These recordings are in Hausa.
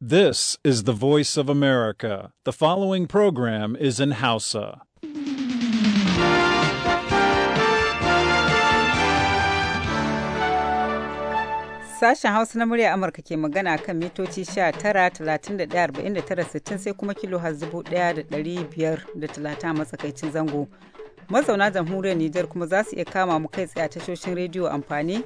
This is the voice of America. The following program is in Hausa. Sashen Hausa na murya Amurka ke magana kan mitoci sittin, sai kuma kilo hazzubu 1,530 matsakaicin zango. Mazauna jamhuriyar Nijar kuma za su iya kama mu kai tsaye a tashoshin rediyo amfani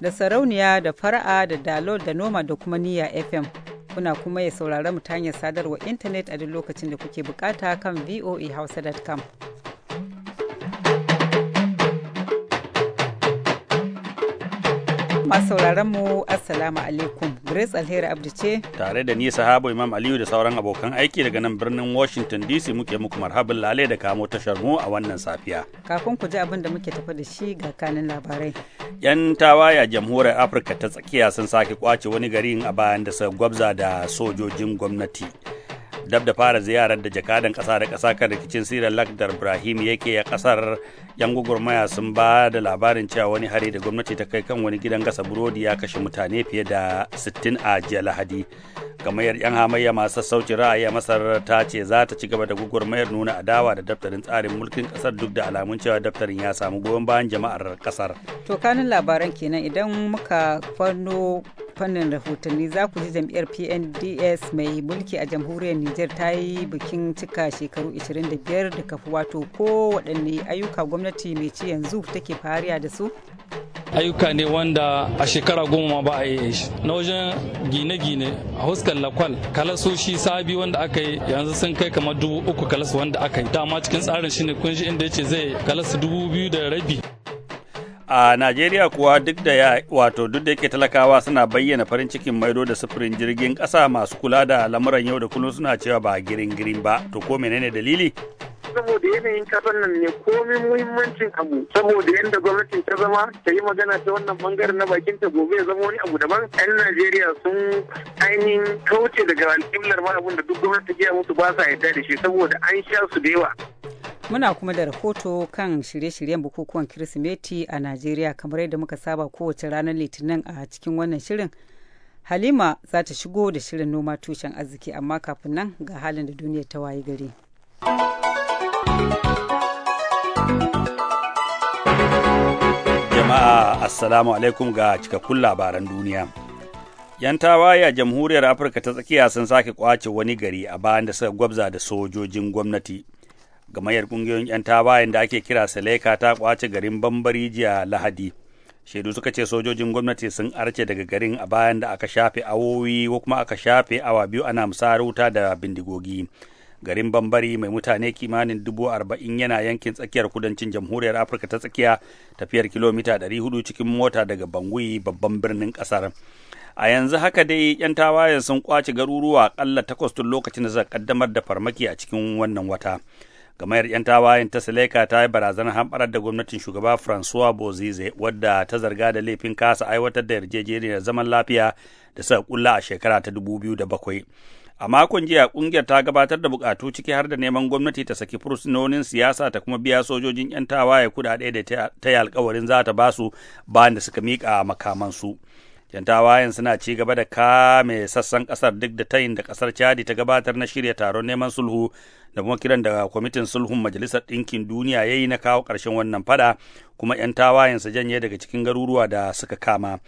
da sarauniya da fara'a da dalol da noma da kuma niyya FM. Kuna kuma ya saurara mu ta hanyar sadarwa intanet a duk lokacin da kuke bukata kan voahausa.com. Masu sauraron mu Assalamu alaikum. Grace Alheri Abdi ce. Tare da ni sahabo Imam Aliyu da sauran abokan aiki daga nan birnin Washington DC muke muku marhabin lalai da kamo tashar mu a wannan safiya. Kafin ku ji abin da muke tafi da shi ga kanin labarai. Yan tawaya jamhuriyar Afirka ta tsakiya sun sake kwace wani garin a bayan da gwabza da sojojin gwamnati. dab da fara ziyarar da jakadan kasa da kasa kan rikicin sirar lakdar ibrahim yake a kasar yan gugurmaya sun ba da labarin cewa wani hari da gwamnati ta kai kan wani gidan gasa burodi ya kashe mutane fiye da 60 a jiya lahadi gamayyar yan hamayya masu sauci ra'ayi a masar ta ce za ta ci gaba da gugurmayar nuna adawa da daftarin tsarin mulkin kasar duk da alamun cewa daftarin ya samu goyon bayan jama'ar kasar to kanin labaran kenan idan muka fanno fannin rahotanni za ku ji jam'iyyar pnds mai mulki a jamhuriyar niger ta yi bikin cika shekaru 25 da kafu wato ko waɗanne ayyuka gwamnati mai ci yanzu take fariya da su ayyuka ne wanda a shekara goma ba a yi shi na wajen gine-gine a huskar lakwal kalasoshi sabi wanda aka yi yanzu sun kai kamar dubu uku kalas wanda aka yi dama cikin tsarin shi ne kun ji inda ya zai kalas dubu biyu da rabi a najeriya kuwa duk da ya wato duk da yake talakawa suna bayyana farin cikin maido da sufurin jirgin kasa masu kula da lamuran yau da kullum suna cewa ba girin girin ba to ko menene dalili saboda yanayin kasar nan ne komin muhimmancin abu saboda yadda gwamnatin ta zama ta yi magana ta wannan bangaren na bakin ta gobe ya zama wani abu daban yan najeriya sun ainihin kauce daga alƙimlar ma abin da duk gwamnati ta gaya musu ba sa yarda da shi saboda an sha su da yawa Muna kuma da rahoto kan shirye-shiryen bukukuwan Kirsimeti a Najeriya kamar yadda muka saba kowace ranar Litinin a cikin wannan shirin. Halima za ta shigo da shirin noma tushen arziki amma kafin nan ga halin da duniya ta wayi gari. Jama'a Assalamu alaikum ga cikakkun labaran duniya. 'Yan tawaye a jamhuriyar Afirka ta tsakiya sun sake kwace wani gari a bayan da suka gwabza da sojojin gwamnati. gamayyar kungiyoyin 'yan tawayen da ake kira seleka ta kwace garin bambari jiya lahadi shaidu suka ce sojojin gwamnati sun arce daga garin a bayan da aka shafe awowi ko kuma aka shafe awa biyu ana musayar wuta da bindigogi garin bambari mai mutane kimanin dubu arba'in yana yankin tsakiyar kudancin jamhuriyar afirka ta tsakiya tafiyar kilomita ɗari hudu cikin mota daga bangui babban birnin ƙasar a yanzu haka dai yan tawayen sun kwace garuruwa akalla takwas tun lokacin da suka ƙaddamar da farmaki a cikin wannan wata gamayar 'yan tawayen ta seleka ta yi barazanar hamɓarar da gwamnatin shugaba francois bozize wadda ta zarga da laifin kasa aiwatar da yarjejeniyar zaman lafiya da suka kulla a shekara ta dubu biyu da bakwai. a makon jiya kungiyar ta gabatar da bukatu ciki har da neman gwamnati ta saki fursunonin siyasa ta kuma biya sojojin 'yan tawaye kudade da ta yi alkawarin za ta basu bayan da suka miƙa makamansu. su 'Yan tawayen suna ci gaba da kame sassan ƙasar duk da tayin da ƙasar Chadi ta gabatar na shirya taron neman sulhu da kuma kiran da kwamitin sulhun Majalisar Ɗinkin Duniya ya yi na kawo ƙarshen wannan fada kuma 'yan tawayen su janye daga cikin garuruwa da suka kama.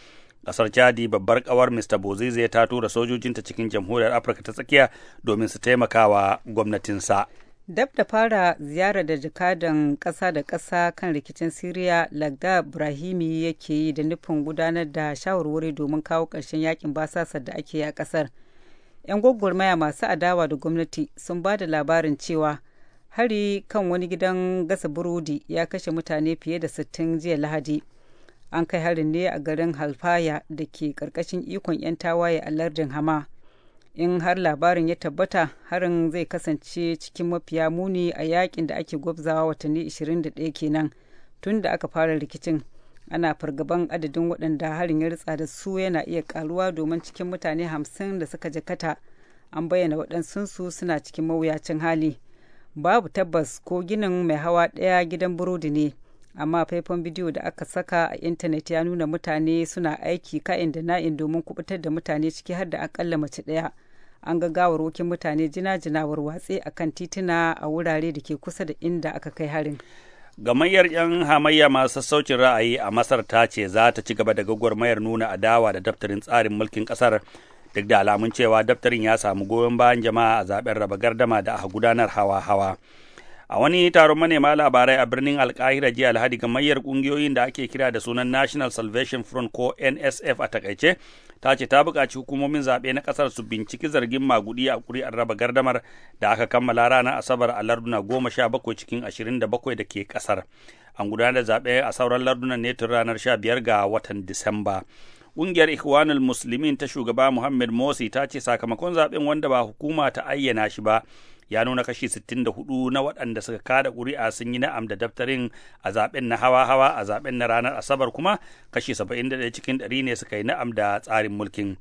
ƙasar chadi babbar kawar mr bozize ta tura sojojinta cikin jamhuriyar afirka ta tsakiya domin su taimaka wa gwamnatinsa dab da fara ziyarar da jakadan ƙasa da ƙasa kan rikicin siriya lagda ibrahimi yake yi da nufin gudanar da shawarwari domin kawo ƙarshen yakin basasar da ake yi a ƙasar yan gwagwarmaya masu adawa da gwamnati sun ba da labarin cewa hari kan wani gidan gasa burodi ya kashe mutane fiye da sittin jiya lahadi an kai harin ne a garin halfaya da ke ƙarƙashin ikon 'yan tawaye a lardin hama in har labarin ya tabbata harin zai kasance cikin mafiya muni a yakin da ake gwabzawa watanni 21 kenan tun da aka fara rikicin ana fargaban adadin waɗanda harin ya ritsa da su yana iya karuwa domin cikin mutane hamsin da suka jakata an bayyana su suna cikin mawuyacin hali babu tabbas ko ginin mai hawa ɗaya gidan burodi ne amma faifan bidiyo da aka saka a intanet ya nuna mutane suna aiki ka'in da na'in domin kubutar da mutane ciki har da akalla mace ɗaya an ga gawarwakin mutane jina-jina warwatse a kan tituna a wurare da ke kusa da inda aka kai harin. Gamayyar 'yan hamayya masu sassaucin ra'ayi a Masar ta ce za ta ci gaba da mayar nuna adawa da daftarin tsarin mulkin kasar duk da alamun cewa daftarin ya samu goyon bayan jama'a a zaben raba gardama da aka gudanar hawa-hawa. A wani taron manema labarai a birnin Alkahira jiya Alhadi gamayyar ƙungiyoyin da ake kira da sunan National Salvation Front ko NSF a takaice ta ce ta buƙaci hukumomin zaɓe na ƙasar su binciki zargin magudi a ƙuri'ar raba gardamar da aka kammala ranar asabar a larduna goma sha bakwai cikin ashirin da bakwai da ke ƙasar an gudanar da zaɓe a sauran lardunan ne tun ranar sha biyar ga watan disamba ƙungiyar ikhwanul muslimin ta shugaba muhammad morsi ta ce sakamakon zaɓen wanda ba hukuma ta ayyana shi ba ya nuna kashi 64 na waɗanda suka kada ƙuri'a sun yi na'am da daftarin a zaben na hawa-hawa a zaben na ranar asabar kuma kashi 71 cikin 100 ne suka yi na'am da tsarin mulkin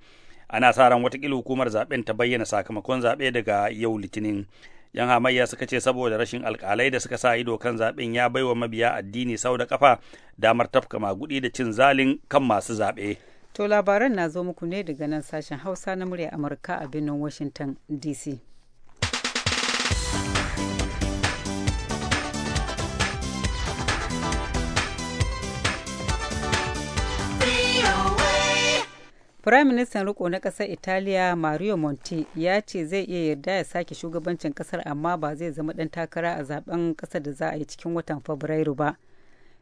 ana sa ran watakila hukumar zaɓen ta bayyana sakamakon zaɓe daga yau litinin yan hamayya suka ce saboda rashin alkalai da suka sa ido kan zaɓen ya baiwa mabiya addini sau da kafa damar tafka magudi da cin zalin kan masu zaɓe. To labaran na zo muku ne daga nan sashen Hausa na murya Amurka a birnin Washington DC. Firaministan riko na ƙasar Italiya Mario Monti ya ce zai iya yarda ya sake shugabancin ƙasar amma ba zai zama ɗan takara a zaben ƙasar da za a yi cikin watan Fabrairu ba.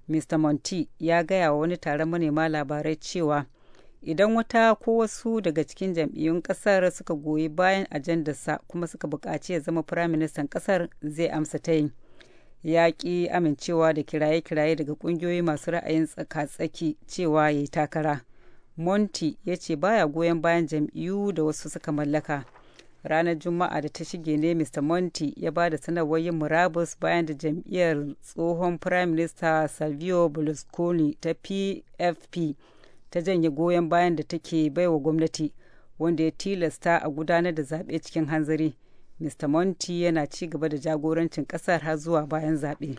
Mr. Monti ya gaya wa wani taron manema labarai cewa idan wata ko wasu daga cikin jam'iyyun ƙasar suka goyi bayan ajandarsa kuma suka buƙaci ya zama firaministan ƙasar zai amsa ta yin Ya ƙi amincewa da kiraye-kiraye daga ƙungiyoyi masu ra'ayin tsaka-tsaki cewa ya yi takara. monti ya ce baya goyon bayan jam'iyyu da wasu suka mallaka ranar juma'a da ta shige ne mr monti ya ba da sanarwar yin murabus bayan da jam'iyyar tsohon prime minister salvio berlusconi ta pfp ta janye goyon bayan da take baiwa gwamnati wanda ya tilasta a gudanar da zaɓe cikin hanzari mr monti yana ci gaba da jagorancin ƙasar har zuwa bayan zaɓe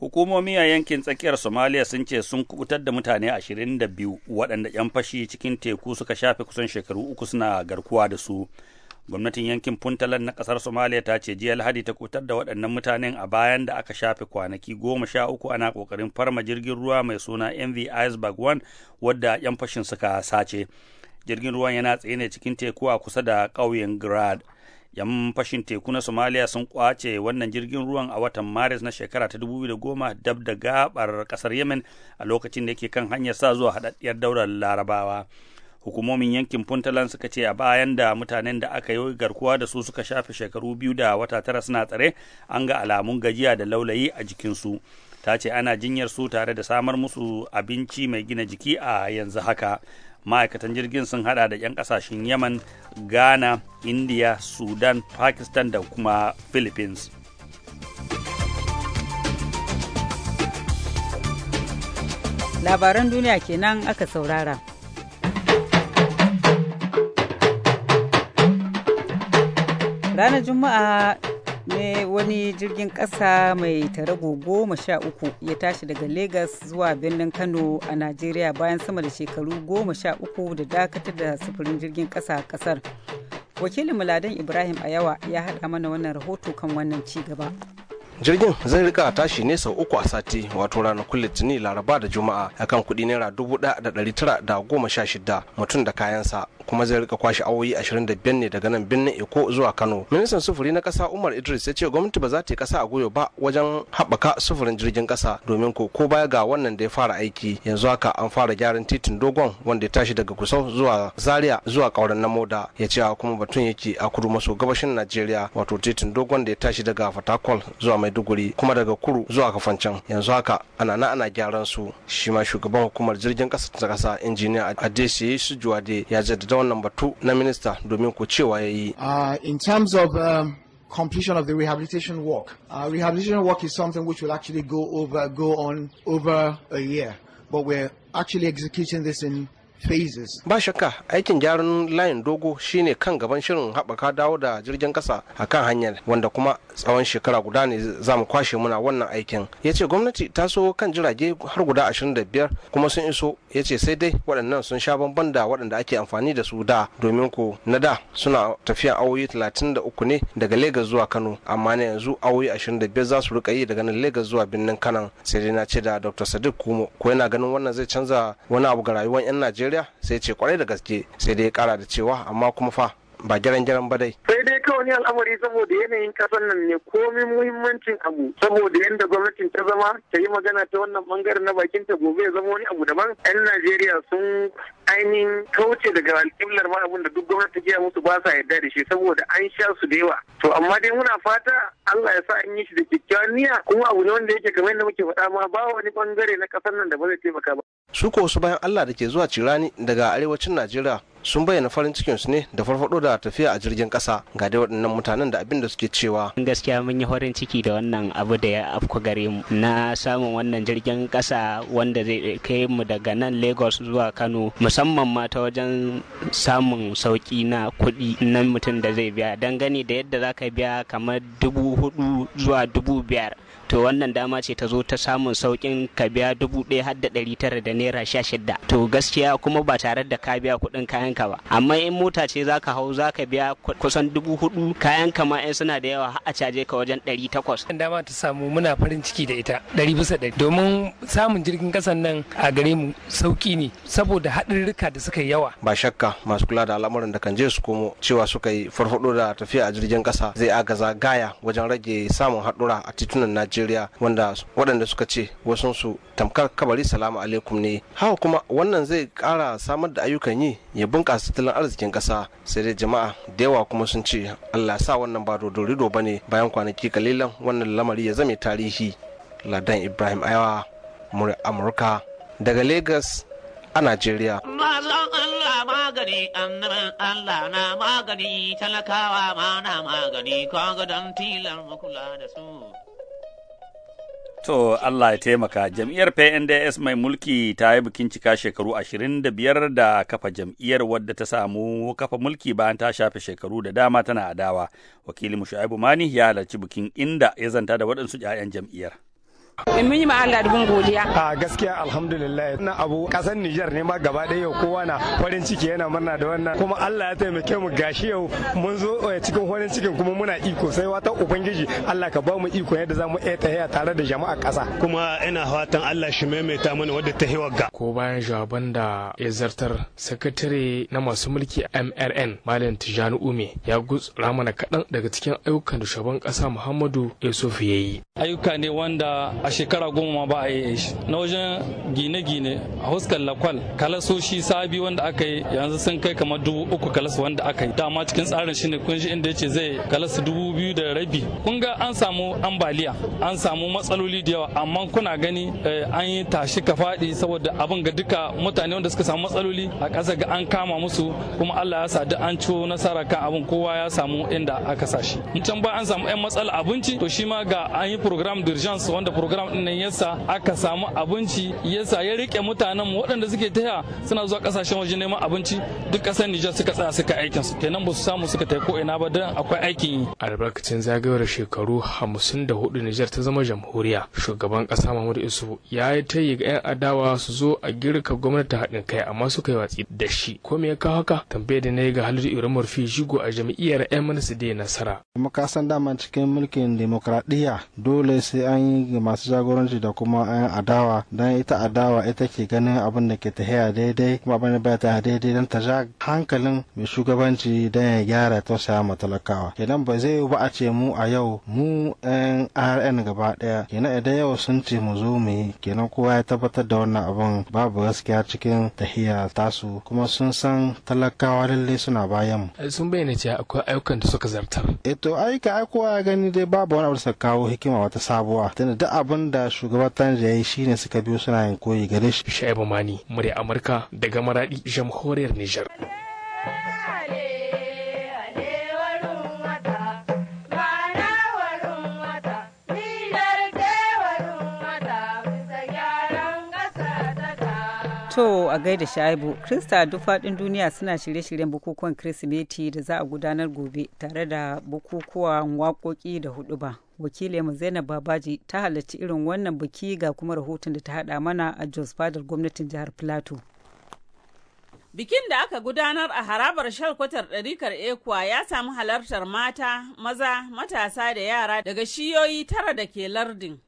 Hukumomi a yankin tsakiyar Somalia sun ce sun kubutar da mutane 22 waɗanda 'yan fashi cikin teku suka shafe kusan shekaru uku suna garkuwa da su. Gwamnatin yankin Puntland na ƙasar Somalia ta ce jiya Lahadi ta kubutar da waɗannan mutanen a bayan da aka shafe kwanaki goma sha uku ana ƙoƙarin farma jirgin ruwa mai suna MV Iceberg 1 wadda 'yan fashin suka sace. Jirgin ruwan yana tsaye ne cikin teku a kusa da ƙauyen Grad. yan fashin teku na somaliya sun kwace wannan jirgin ruwan a watan maris na shekara ta 2010 dab da gabar kasar yemen a lokacin da yake kan hanyar sa zuwa haɗaɗɗiyar daular larabawa hukumomin yankin puntland suka ce a bayan da mutanen da aka yi garkuwa da su suka shafe shekaru biyu da wata tara suna tsare an ga alamun gajiya da laulayi a jikinsu ta ce ana jinyar su tare da samar musu abinci mai gina jiki a yanzu haka ma'aikatan jirgin sun hada da 'yan kasashen yaman ghana india sudan pakistan da kuma philippines labaran duniya kenan aka saurara ranar juma'a ne wani jirgin kasa mai tarago goma sha uku ya tashi daga lagos zuwa birnin Kano a Najeriya bayan sama da shekaru goma sha uku da dakatar da sufurin jirgin kasa a kasar Wakilin Muladan Ibrahim Ayawa ya hada mana wannan rahoto kan wannan ci gaba. jirgin zai rika tashi ne sau uku a sati wato ranakun litinin laraba da juma'a akan kuɗi naira dubu ɗaya da ɗari tara da goma sha shida mutum da kayansa kuma zai rika kwashe awoyi ashirin da biyar ne daga nan birnin Eko zuwa Kano. Ministan sufuri na kasa Umar Idris ya ce gwamnati ba za ta yi kasa a goyo ba wajen haɓaka sufurin jirgin kasa domin ko ko baya ga wannan da ya fara aiki yanzu haka an fara gyaran titin dogon wanda ya tashi daga kusau zuwa Zaria zuwa Kauran na Moda ya ce kuma batun yake a kudu maso gabashin Najeriya wato titin dogon da ya tashi daga Fatakwal zuwa maiduguri kuma daga kuru zuwa kafancan yanzu haka ana na ana gyaran su shi ma shugaban hukumar jirgin kasa ta kasa injiniya adesi su juwade ya jaddada wannan batu na minista domin ku cewa ya yi uh, in terms of um... completion of the rehabilitation work. Uh, rehabilitation work is something which will actually go over go on over a year, but we're actually executing this in phases. Ba shakka aikin gyaran layin dogo shine kan gaban shirin haɓaka dawo da jirgin ƙasa a kan hanyar wanda kuma tsawon shekara guda ne za mu kwashe muna wannan aikin. Ya ce gwamnati ta so kan jirage har guda 25 kuma sun iso ya ce sai dai waɗannan sun sha bamban da waɗanda ake amfani da su da domin ko na da suna tafiya awoyi 33 ne daga Legas zuwa Kano amma na yanzu awoyi 25 za su rika yi daga nan Legas zuwa birnin kano sai dai na ce da Dr. Sadiq Kumo ko yana ganin wannan zai canza wani abu ga rayuwar 'yan Najeriya najeriya sai ce kwarai da gaske sai dai kara da cewa amma kuma fa ba gyaran-gyaran ba dai. Sai dai kawai ni al'amari saboda yanayin kasar nan ne komai muhimmancin abu saboda yadda gwamnatin ta zama ta yi magana ta wannan bangaren na bakin ta gobe ya zama wani abu daban. 'Yan Najeriya sun ainihin kauce daga alƙiblar ma abin da duk gwamnati ta gaya musu ba sa yarda da shi saboda an sha su da yawa. To amma dai muna fata Allah ya sa an yi shi da kyakkyawan niyya kuma abu ne wanda yake kamar yadda muke faɗa ma ba wani bangare na kasar nan da ba zai taimaka ba. su ko wasu bayan allah da ke zuwa cirani daga arewacin najeriya sun bayyana farin cikin su ne da farfado da tafiya a jirgin kasa ga dai waɗannan mutanen da abin da suke cewa gaskiya mun yi farin ciki da wannan abu da ya afku gare mu na samun wannan jirgin kasa wanda zai kai mu daga nan Lagos zuwa Kano musamman ma ta wajen samun sauki na kuɗi nan mutum da zai biya dangane da yadda za ka biya kamar dubu hudu zuwa dubu biyar to wannan dama ce ta zo ta samun saukin ka biya dubu ɗaya har da ɗari tara da naira sha shidda to gaskiya kuma ba tare da ka biya kuɗin kayan ka ba amma in mota ce za ka hau za ka biya kusan dubu hudu kayan ka ma in suna da yawa har a caje ka wajen ɗari takwas. dama ta samu muna farin ciki da ita ɗari bisa ɗari domin samun jirgin kasan nan a gare mu sauki ne saboda haɗirrika da suka yi yawa. ba shakka masu kula da al'amuran da kan je su komo cewa suka yi farfaɗo da tafiya a jirgin ƙasa zai agaza gaya wajen rage samun haɗura a titunan najeriya najeriya wanda waɗanda suka ce wasunsu tamkar kabari salamu alaikum ne haka kuma wannan zai ƙara samar da ayyukan yi ya bunƙasa tattalin arzikin ƙasa sai dai jama'a da yawa kuma sun ce allah sa wannan ba dodorido ba ne bayan kwanaki kalilan wannan lamari ya zame tarihi ladan ibrahim ayawa murya amurka daga lagos a Najeriya. magani, annabin Allah na magani, talakawa ma na magani, kwa gadon tilar makula da su. To Allah ya taimaka, jam'iyyar PNDS mai mulki ta yi bikin cika shekaru ashirin da biyar da kafa jam'iyyar wadda ta samu kafa mulki bayan ta shafe shekaru da dama tana adawa. Wakilin Shu'aibu Mani ya halarci bikin inda ya zanta da waɗansu 'ya'yan jam'iyyar. Eh, mun yi ma Allah dubin godiya. A gaskiya alhamdulillah na abu kasar Nijar ne ma gaba ɗaya yau kowa na farin ciki yana murna da wannan kuma Allah ya taimake mu gashi yau mun zo eh, cikin farin cikin kuma muna iko sai wata ubangiji Allah ka ba mu iko yadda zamu mu iya tahiya tare da jama'a ƙasa. Kuma ina fatan Allah shi maimaita mana wadda ta hiwa ga. Ko bayan jawaban da ya zartar sakatare na masu mulki MRN Malam Tijani Ume ya gutsura mana kaɗan daga cikin ayyukan da shugaban ƙasa Muhammadu Yusuf ya yi. Ayyuka ne wanda a shekara goma ma ba a yi shi na wajen gine-gine a huskar lakwal kalasoshi sabi wanda aka yi yanzu sun kai kamar dubu uku kalas wanda aka yi dama cikin tsarin shi ne kun shi inda yace zai kalas dubu biyu da rabi kun ga an samu ambaliya an samu matsaloli da yawa amma kuna gani eh, an yi tashi ka faɗi saboda abin ga duka mutane wanda suka samu matsaloli a ƙasa ga an kama musu kuma Allah ya sa duk an ciwo nasara kan abin kowa ya samu inda aka sashi. can ba an samu 'yan matsala abinci to shi ma ga an yi program d'urgence wanda program salam din nan yasa aka samu abinci yasa ya rike mutanen mu waɗanda suke taya suna zuwa kasashen waje neman abinci duk ƙasar Nijar suka tsaya suka aikin su kenan ba su samu suka tai ko ina ba dan akwai aikin yi albarkacin zagayowar shekaru 54 Nijar ta zama jamhuriya shugaban ƙasa Muhammadu Isu ya yi tayi ga 'yan adawa su zo a girka gwamnati haɗin kai amma suka yi watsi da shi ko me ya kawo haka tambayar da na yi ga Halidu Ibrahim Murfi shigo a jam'iyyar 'yan manasa da nasara kuma ka san dama cikin mulkin demokradiya dole sai an yi masu masu jagoranci da kuma ayan adawa don ita adawa ita ke ganin abin da ke tahiya daidai kuma abin da ba ta daidai don ta ja hankalin mai shugabanci don ya gyara tausaya ma talakawa kenan ba zai ba a ce mu a yau mu 'yan rn gaba daya kenan idan yau sun ce mu zo mu yi kenan kowa ya tabbatar da wannan abun babu gaskiya cikin tahiya tasu kuma sun san talakawa lalle suna bayan mu sun bayyana cewa akwai ayyukan da suka zartar eh to ayyuka ai kowa ya gani dai babu wani abu da kawo hikima wata sabuwa tunda duk abin da shugaban tanja ya shine suka biyo suna yin koyi gare shi shaibu mani murya amurka daga maradi jamhuriyar nijar. To a gaida Shaibu, Krista duk faɗin duniya suna shirye-shiryen bukukuwan Kirsimeti da za a gudanar gobe tare da bukukuwan waƙoƙi da hudu ba Wakilinmu Zainab Babaji ta halarci irin wannan biki ga kuma rahoton da ta haɗa mana a Jos Fadar gwamnatin jihar Plateau. Bikin da aka gudanar a harabar shalkwatar ɗarikar ekuwa ya samu halartar mata, maza, matasa da yara daga shiyoyi tara da ke lardin.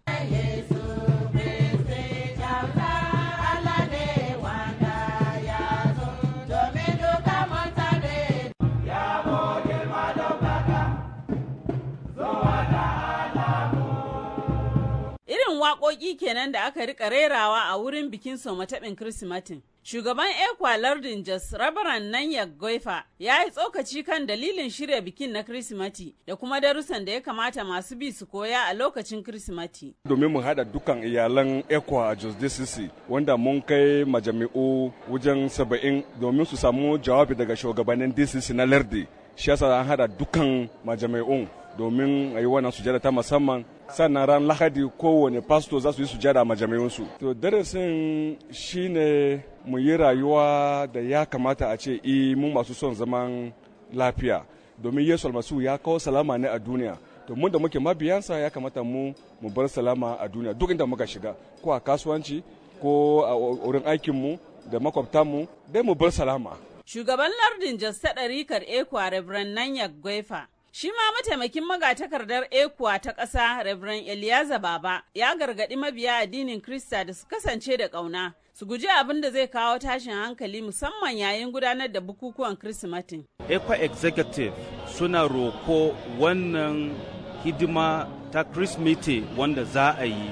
waƙoƙi kenan da aka rika rerawa a wurin bikin somataɓin Kirsimatin. Shugaban Ekwa Lardin Jos Rabaran Nanya Goifa ya yi tsokaci kan dalilin shirya bikin na Kirsimati da kuma darussan da ya kamata masu bi su koya a lokacin Kirsimati. Domin mu haɗa dukkan iyalan Ekwa a Jos DCC wanda mun kai majami'u wajen saba'in domin su samu jawabi daga shugabannin DCC na Lardi. Shi yasa an haɗa dukkan majami'un domin a yi wannan sujada ta musamman sannan ran lahadi kowane pasto za su yi sujada a jami'unsu to darasin shine mu yi rayuwa da ya kamata a ce i eh, mu masu son zaman lafiya domin yesu almasu ya kawo salama ne a duniya to mun da muke mabiyansa ya kamata mu mu bar salama a duniya duk inda muka shiga ko a kasuwanci ko a wurin aikinmu da mu dai mu bar salama Shugaban lardin Jasta ɗarikar Ekwa Reverend Nanyak Gwaifa Shi ma mataimakin magatakardar ekuwa ta ƙasa Reverend Eliyaza Baba ya gargaɗi mabiya addinin Krista da su kasance da ƙauna, su guji abin da zai kawo tashin hankali musamman yayin gudanar da bukukuwan Kirsimatin. Ekwa Executive suna roko wannan hidima ta Kirsimeti wanda za a yi,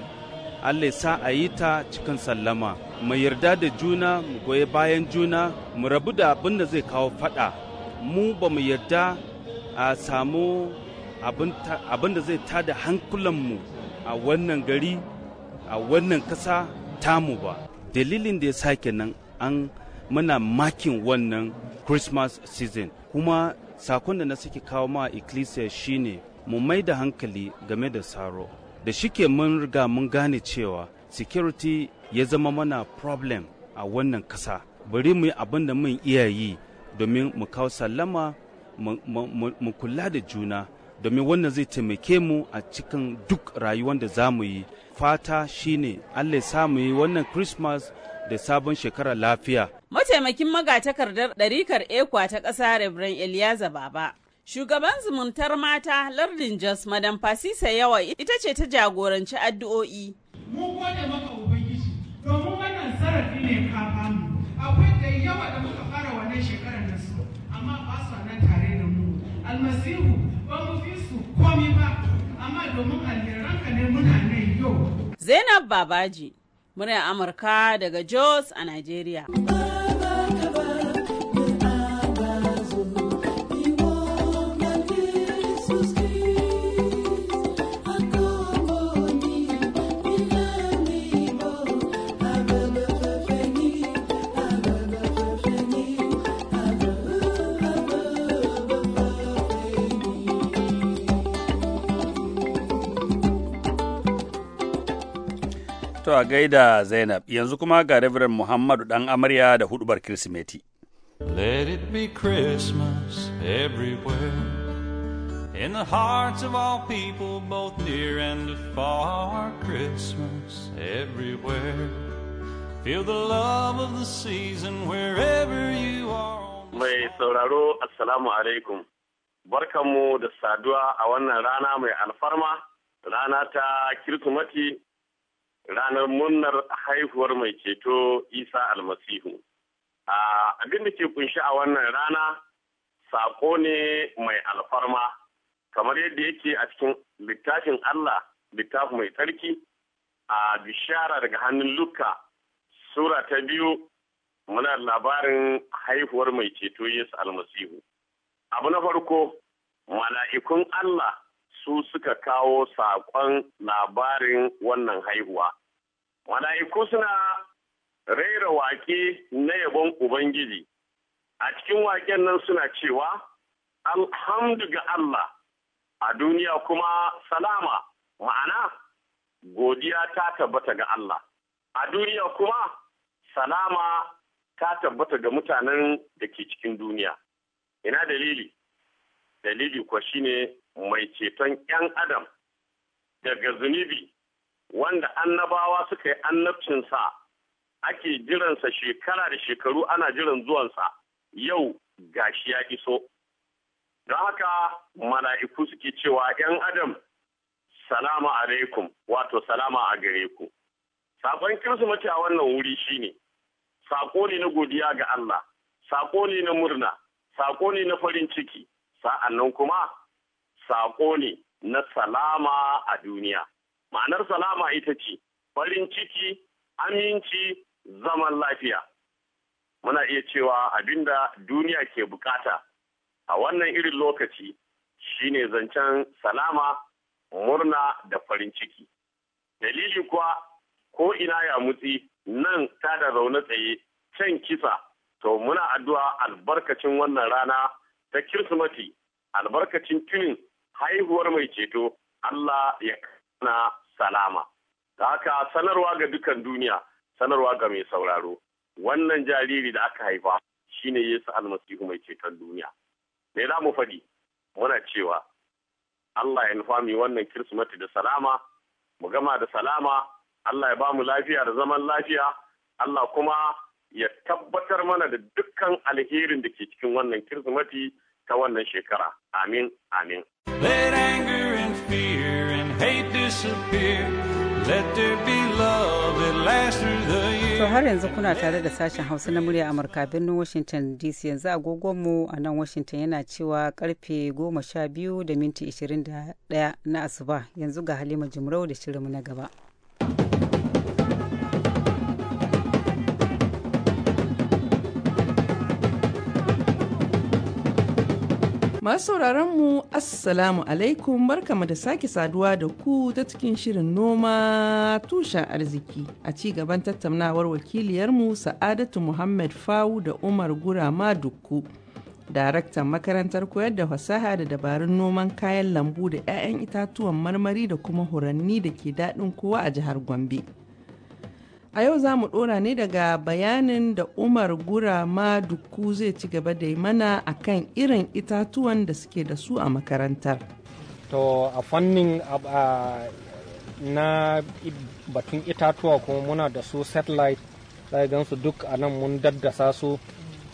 Allah sa a yi ta cikin sallama. Mu yarda da juna, mu goyi bayan juna, mu rabu da abin da zai kawo faɗa. Mu ba mu yarda a samu abin da zai tada hankulanmu a wannan gari a wannan kasa tamu ba dalilin da ya sake nan an muna makin wannan christmas season kuma sakon da na suke kawo ma ecclesia shine mu mai da hankali game da saro da shike mun riga mun gane cewa security ya zama mana problem a wannan kasa bari mu yi abin da mun iya yi domin mu kawo sallama mu kula da juna domin wannan zai taimake mu a cikin duk rayuwar da za mu yi fata shine allah sa mu yi wannan christmas da sabon shekara lafiya mataimakin magatakardar ɗarikar ekwa ta ƙasa rebren eliyaza baba Shugaban zumuntar mata lardin Jos Madam Fasisa yawa ita ce ta jagoranci addu'o'i. Mu gode maka Ubangiji, domin wannan zarafi ne ka Akwai da yawa da muka almasihu ba mu fi su komi ba amma domin alheranka ne muna nan yau zainab babaji murya amurka daga jos a nigeria To a gaida Zainab, yanzu kuma ga Reverend Muhammadu ɗan amarya da hudubar Kirsimeti. Let it be Christmas everywhere In the hearts of all people both near and far Christmas everywhere Feel the love of the season wherever you are Mai sauraro Assalamu alaikum Barkanmu da saduwa a wannan rana mai alfarma rana ta kirkumati ranar murnar haihuwar mai ceto isa almasihu abin da ke kunshi a wannan rana saƙo ne mai alfarma kamar yadda yake a cikin littafin allah littafi mai tsarki a bishara daga hannun luka sura ta biyu muna labarin haihuwar mai ceto yesu almasihu abu na farko mala'ikun allah su suka kawo saƙon labarin wannan haihuwa. Mala'iku suna raira wake na yabon Ubangiji, a cikin waken nan suna cewa, Alhamdu ga Allah, a duniya kuma salama, ma'ana godiya ta tabbata ga Allah. A duniya kuma salama ta tabbata ga mutanen da ke cikin duniya. Ina dalili? Dalili kuwa shine mai ceton 'yan adam daga zunubi wanda annabawa suka yi annabcinsa ake jiransa shekara da shekaru ana jiran zuwansa yau ga shi ya iso. Don haka mala'iku suke cewa ‘yan Adam, salama alaikum, wato salama a gare ku. Sakon a wannan wuri shine, sako ne na godiya ga Allah, sako ne na murna, sako ne na farin ciki, sa'an nan kuma saƙo ne na salama a duniya. Ma'anar salama ita ce farin ciki, aminci, zaman lafiya. Muna iya cewa abinda duniya ke bukata a wannan irin lokaci shi ne zancen salama, murna da farin ciki. Dalili kuwa ko ina ya mutsi nan ta da zaune tsaye can kisa to muna addu'a albarkacin wannan rana ta kirsimati albarkacin tunin haihuwar mai ceto Allah ya kana salama. Da haka sanarwa ga dukan duniya, sanarwa ga mai sauraro, wannan jariri da aka haifa ne Yesu almasihu mai ceton duniya. Me za mu faɗi? Muna cewa Allah ya nufa mu wannan Kirsimeti da salama, mu gama da salama, Allah ya ba mu lafiya da zaman lafiya, Allah kuma ya tabbatar mana da dukkan alherin da ke cikin wannan Kirsimeti. ta wannan shekara. Amin, amin. Let anger and fear and hate disappear. Let there be love that lasts through the year. To har yanzu kuna tare da sashen Hausa na murya Amurka birnin Washington DC yanzu agogonmu a nan Washington yana cewa karfe goma sha biyu da minti ishirin da daya na asuba yanzu ga Halima Jumrau da shirinmu na gaba. Masu sauraron mu Assalamu alaikum barkamu da sake saduwa da ku ta cikin shirin noma tushen arziki a ci gaban tattaunawar wakiliyarmu Sa'adatu Muhammad Fawu da Umar Gurama Dukku. Daraktan makarantar koyar da fasaha da dabarun noman kayan lambu da 'ya'yan itatuwan marmari da kuma huranni da ke daɗin kowa a jihar Gombe. A yau za mu ɗora ne daga bayanin da Umar Gurama Dukku zai ci gaba da mana a kan irin itatuwan da suke da su a makarantar. To a fannin na batun itatuwa kuma muna da su satellite zai su duk a nan mun daddasa su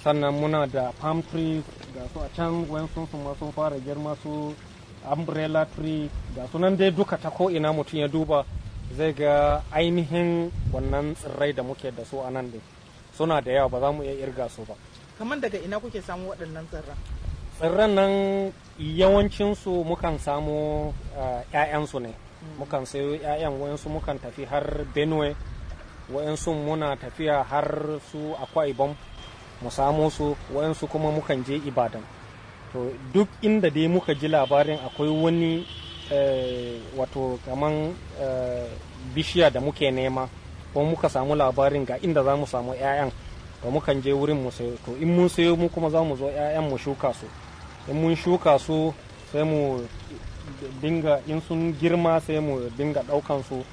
sannan muna da palm tree ga su a can wayan sun sun fara girma su umbrella tree ga sunan dai duka ta ko ina mutum ya duba zai ga ainihin wannan tsirrai da muke da su a nan din suna da yawa ba za mu iya irga su ba kamar daga ina kuke samu waɗannan tsirran tsirran nan yawancinsu mukan samu eh, ƴaƴansu ne hmm. mukan sayo ‘ya'yan wayansu mukan tafi har benue wayansu muna tafiya har su akwa ibom mu samo su wayansu kuma mukan je ibadan to duk inda dai muka ji labarin akwai wani Eh, wato kaman eh, bishiya da muke nema ko muka samu labarin ga inda za mu samu 'ya'yan to mukan je wurin mu sayo to in mun sayo mu kuma za mu zo 'ya'yan mu shuka su in mun shuka su sai mu dinga in sun girma sai mu dinga ɗaukan su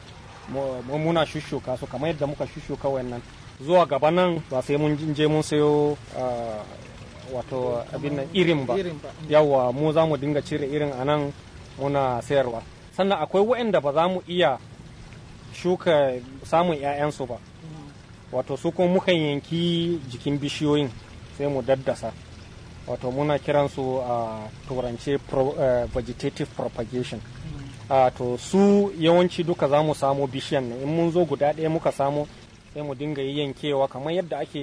muna shushuka su kamar yadda muka shushuka wannan zuwa gaba nan ba sai mun je mun sayo eh, wato abin irin ba yawa mu za mu dinga cire irin anan muna sayarwa sannan akwai waɗanda ba za mu iya shuka samun 'ya'yansu ba wato su kuma mukan yanki jikin bishiyoyin sai mu daddasa wato muna kiransu a turance vegetative propagation to su yawanci duka za mu samo bishiyan ne in mun zo guda ɗaya muka samo sai mu dinga yi yankewa kamar yadda ake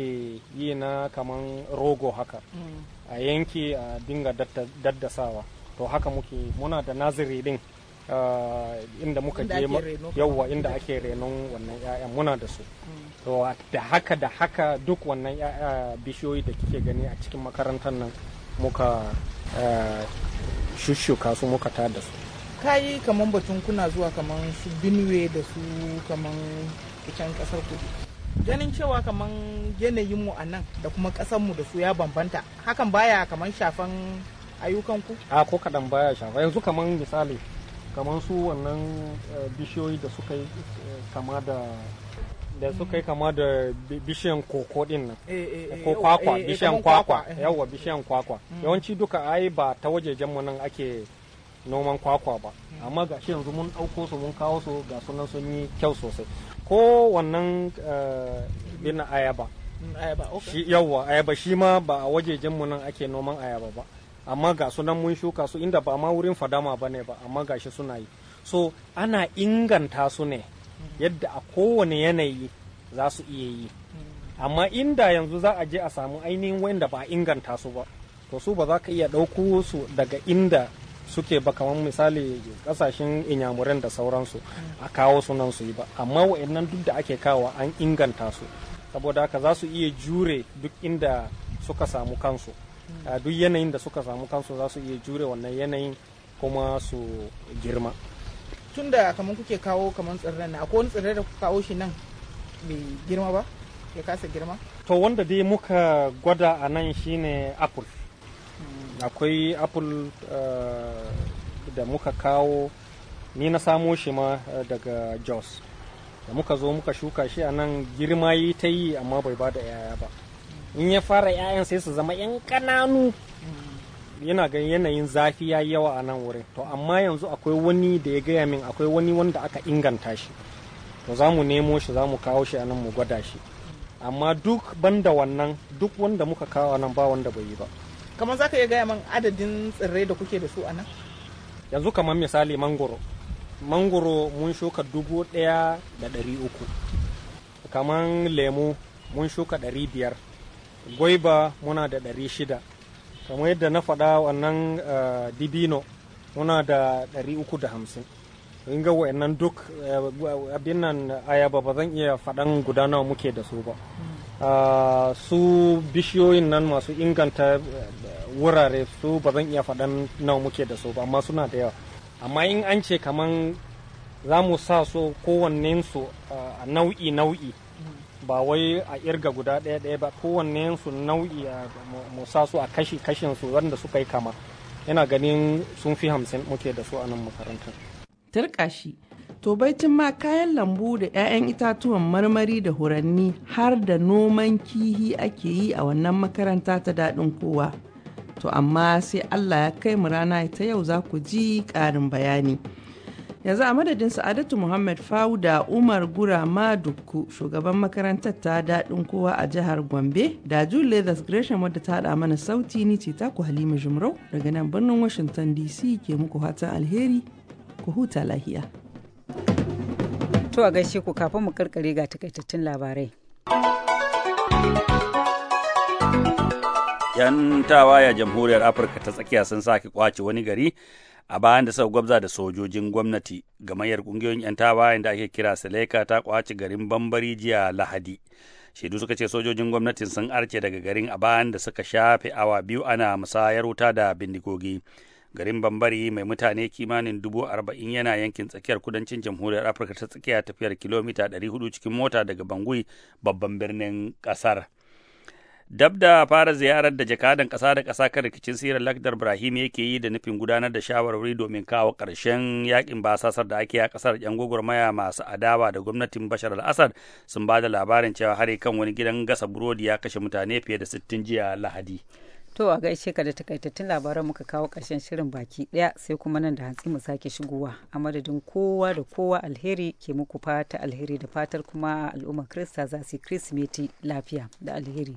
yi na kamar rogo haka a yanke a dinga daddasawa to haka muke muna da naziri din ah, inda muka je yawwa inda ake renon wannan 'ya'yan muna da su mm. to da haka da haka duk wannan bishiyoyi da kike gani a cikin makarantar nan muka eh, shushuka su muka ta da su kayi kamar batun kuna zuwa kamar su binwe da su kamar kicin kasar kudu ganin cewa kamar yanayinmu a nan da kuma kasanmu da su ya bambanta hakan baya kamar shafan ayyukanku? a ko kadan baya shafa yanzu kamar misali kamar su wannan eh, bishiyoyi da suka yi eh, kama da da suka yi kama da bishiyan koko din nan ko kwakwa bishiyan kwakwa yawwa bishiyan kwakwa yawanci duka ai ba ta wajejen mu nan ake noman kwakwa ba mm. amma ga shi yanzu mun ɗauko su mun kawo su ga sunan sun yi kyau sosai ko wannan din eh, ayaba mm, ayaba shi yawwa ayaba shi ma ba a wajejen mu nan ake noman ayaba ba amma ga sunan mun shuka su inda ba ma wurin fadama ba ne ba amma gashi suna yi so ana inganta su ne yadda a kowane yanayi za su iya yi amma inda yanzu za a je a samu ainihin wanda ba inganta su ba to su ba za ka iya ɗauko su daga inda suke ba kamar misali kasashen inyamuran da sauransu a kawo su nan su yi ba amma wa'annan duk da ake kawo an inganta su saboda haka za su iya jure duk inda suka samu kansu a duk yanayin da suka samu kansu za su iya jure wannan yanayin kuma su girma tun da kamar kuke kawo kamar na akwai wani tsirrai da kawo shi nan mai girma ba ya kasa girma to wanda dai muka gwada a nan shine apple hmm. akwai apple eh, da muka kawo ni na samo shi ma eh, daga jos da muka zo muka shuka shi a nan girma yi ta yi amma bai ba da 'ya'ya ba in ya fara 'ya'yan sai su zama 'yan kananu. yana ga yanayin zafi ya yawa a nan wurin to amma yanzu akwai wani da ya gaya min akwai wani wanda aka inganta shi to za mu nemo shi za mu kawo shi a nan mu gwada shi amma duk banda wannan duk wanda muka kawo a nan ba wanda bai yi ba kamar za ka iya gaya min adadin tsirrai da kuke da su a nan yanzu kamar misali mangoro mangoro mun shuka dubu ɗaya da ɗari uku kamar lemu mun shuka ɗari biyar gwaiba muna da ɗari shida kamar yadda na faɗa wannan eh, dibino muna da ɗari uku da hamsin in ga wa'annan duk eh, abin nan ayaba ba zan iya faɗan gudana nawa muke da su ba ah, su bishiyoyin nan masu inganta eh, wurare su ba zan iya faɗan nawa muke da su ba amma suna da yawa amma in an ce kamar za mu sa su kowannensu a nau'i nau'i ba wai a irga guda ɗaya ɗaya ba kowanne su nau'i a musa su a kashi kashin su wanda suka yi kama yana ganin sun fi hamsin muke da su a nan makarantar. turkashi to baitin ma kayan lambu da 'ya'yan itatuwan marmari da huranni har da noman kihi ake yi a wannan makaranta ta daɗin kowa. To amma sai Allah ya kai mu rana ta yau za ku ji ƙarin bayani. yanzu a madadin sa'adatu muhammad fauda umar gurama dukku shugaban makarantar ta daɗin kowa a jihar gombe da jule das gresham wadda ta haɗa mana sauti ni ce ta ku halima jumrau daga nan birnin washington dc ke muku hatan alheri ku huta lahiya to a gaishe ku kafin mu karkare ga takaitattun labarai 'yan tawaye jamhuriyar afirka ta tsakiya sun sake kwace wani gari a bayan da suka gwabza da sojojin gwamnati gamayyar kungiyoyin 'yan tawayen da ake kira seleka ta kwaci garin bambari jiya lahadi shaidu suka ce sojojin gwamnatin sun arce daga garin a bayan da suka shafe awa biyu ana musayar wuta da bindigogi garin bambari mai mutane kimanin dubu arba'in yana yankin tsakiyar kudancin jamhuriyar afirka ta tsakiya tafiyar kilomita 400 cikin mota daga bangui babban birnin kasar Dab da fara ziyarar da jakadan ƙasa da ƙasa kan rikicin sira Lakdar ibrahim yake yi da nufin gudanar da shawarwari domin kawo ƙarshen yakin basasar da ake a ƙasar ‘yan gwagwarmaya masu adawa da gwamnatin Bashar al-Assad sun ba da labarin cewa ya kan wani gidan gasa burodi ya kashe mutane fiye da sittin jiya Lahadi. To a gaishe ka da takaitattun labaran muka kawo ƙarshen shirin baki ɗaya sai kuma nan da hantsi mu sake shigowa a madadin kowa da kowa alheri ke muku fata alheri da fatar kuma al'ummar krista za su yi Kirsimeti lafiya da alheri.